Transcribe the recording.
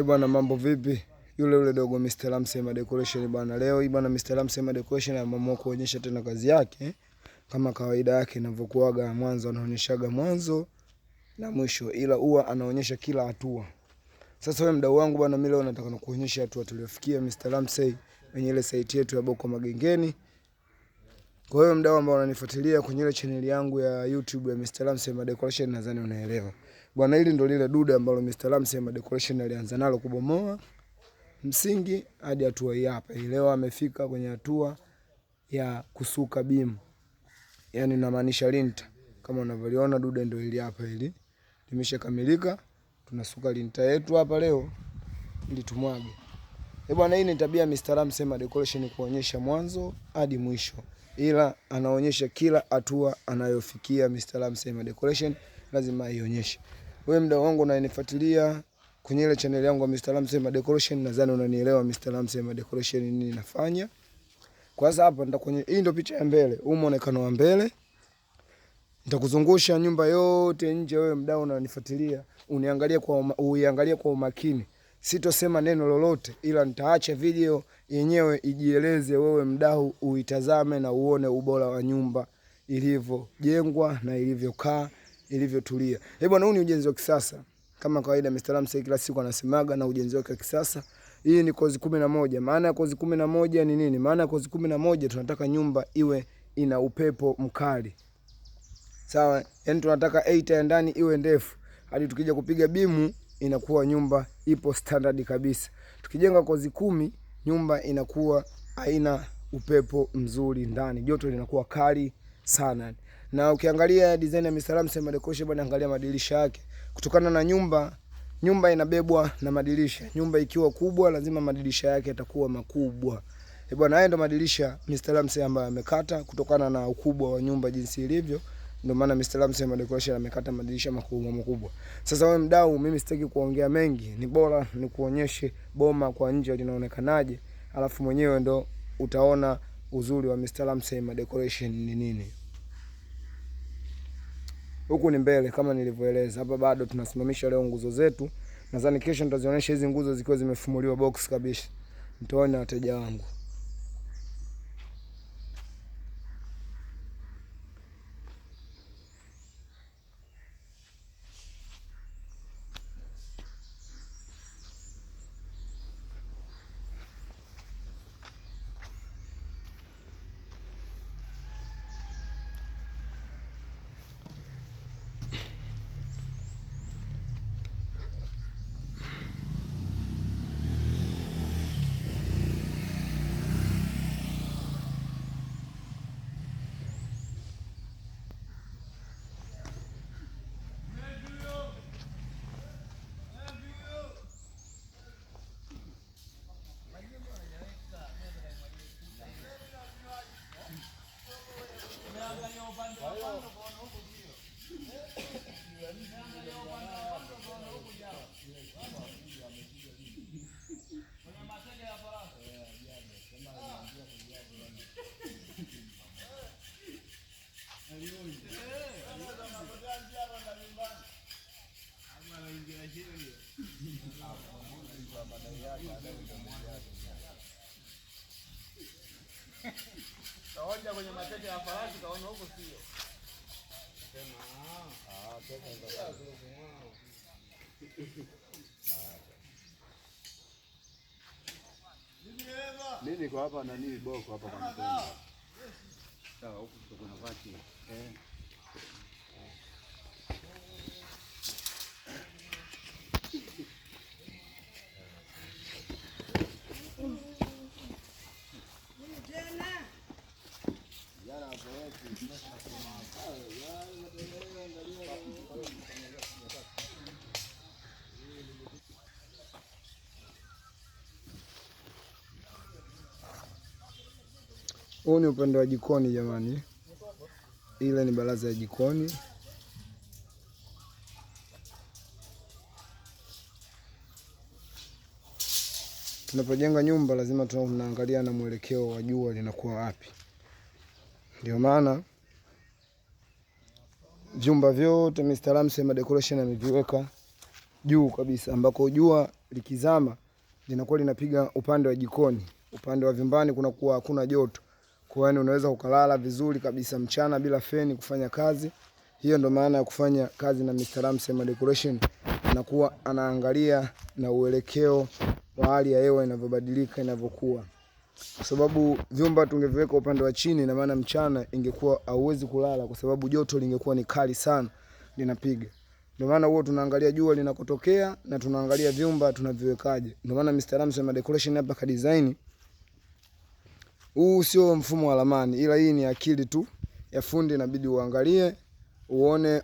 Eh, bwana mambo vipi? Yule yule dogo Mr. Ramsey Decoration bwana. Leo hii bwana Mr. Ramsey Decoration ameamua kuonyesha tena kazi yake eh? Kama kawaida yake inavyokuaga mwanzo anaonyeshaga mwanzo na mwisho ila huwa anaonyesha kila hatua. Sasa wewe mdau wangu bwana, mimi leo nataka nikuonyesha hatua tuliyofikia Mr. Ramsey kwenye ile site yetu ya Boko Magengeni. Kwa hiyo mdau ambao unanifuatilia kwenye ile channel yangu ya YouTube ya Mr. Ramsey Decoration nadhani unaelewa. Bwana, hili ndo lile dude ambalo Mr. Ramsey ma decoration alianza nalo kubomoa msingi hadi hatua hii hapa. Leo amefika kwenye hatua ya kusuka bimu. Yaani namaanisha linta. Kama unavyoona dude ndo hili hapa hili. Limeshakamilika. Tunasuka linta yetu hapa leo ili tumwage. Eh, bwana hii ni tabia Mr. Ramsey ma decoration kuonyesha mwanzo hadi mwisho. Ila anaonyesha kila hatua anayofikia Mr. Ramsey ma decoration lazima ionyeshe wewe mda wangu unanifuatilia kwenye ile channel yangu ya Mr. Ramsey Decoration, nadhani unanielewa Mr. Ramsey Decoration nini nafanya. Kwanza hapa nita kwenye hii ndio picha ya mbele, huu muonekano wa mbele. Nitakuzungusha nyumba yote nje, wewe mdau unanifuatilia, uniangalie kwa uiangalie kwa umakini. Sitosema neno lolote ila nitaacha video yenyewe ijieleze, wewe mdau uitazame na uone ubora wa nyumba ilivyojengwa na ilivyokaa ilivyotulia. Eh, bwana huu ni ujenzi wa kisasa. Kama kawaida Mr. Ramsey kila siku anasemaga na ujenzi wake wa kisasa. Hii ni kozi kumi na moja. Maana ya kozi kumi na moja ni nini? Maana ya kozi kumi na moja tunataka nyumba iwe ina upepo mkali. Sawa, yani tunataka eita ya ndani iwe ndefu hadi tukija kupiga bimu inakuwa nyumba ipo standard kabisa. Tukijenga kozi kumi, nyumba inakuwa haina upepo mzuri ndani, joto linakuwa kali sana. Yani na ukiangalia design ya misalamu sema dekoshe bwana, angalia madirisha yake. Kutokana na nyumba nyumba inabebwa na madirisha. Nyumba ikiwa kubwa, lazima madirisha yake yatakuwa makubwa. E bwana, haya ndo madirisha Mr. Ramsey ambaye amekata kutokana na ukubwa wa nyumba jinsi ilivyo. Ndio maana Mr. Ramsey Madekoshe amekata madirisha makubwa makubwa. Sasa wewe mdau, mimi sitaki kuongea mengi. Ni bora nikuonyeshe boma kwa nje linaonekanaje, alafu mwenyewe ndo utaona uzuri wa Mr. Ramsey Decoration ni nini. Huku ni mbele kama nilivyoeleza hapa, bado tunasimamisha leo nguzo zetu. Nadhani kesho nitazionyesha hizi nguzo zikiwa zimefumuliwa box kabisa, nitaona wateja wangu. upande wa Kaonja kwenye matete ya farasi, kaona huko sio. Mimi ah, ah, niko hapa na nini boko hapa kwa mkono. Sawa, huko tuko na vaki. Eh. Huu ni upande wa jikoni jamani, ile ni baraza ya jikoni. Tunapojenga nyumba lazima tunaangalia na mwelekeo wa jua linakuwa wapi, ndio maana vyumba vyote Mr. Ramsey ma decoration ameviweka juu kabisa, ambako jua likizama linakuwa linapiga upande wa jikoni, upande wa vyumbani kunakuwa hakuna joto, kwa hiyo unaweza ukalala vizuri kabisa mchana bila feni kufanya kazi. Hiyo ndo maana ya kufanya kazi na Mr. Ramsey ma decoration, anakuwa anaangalia na uelekeo wa hali ya hewa inavyobadilika, inavyokuwa kwa sababu vyumba tungeviweka upande wa chini, na maana mchana ingekuwa hauwezi kulala kwa sababu joto lingekuwa ni kali sana linapiga. Ndio maana huo tunaangalia jua linakotokea na tunaangalia vyumba tunaviwekaje. Ndio maana Mr. Ramsey ma decoration hapa ka design huu sio mfumo wa ramani, ila hii ni akili tu ya fundi, inabidi uangalie uone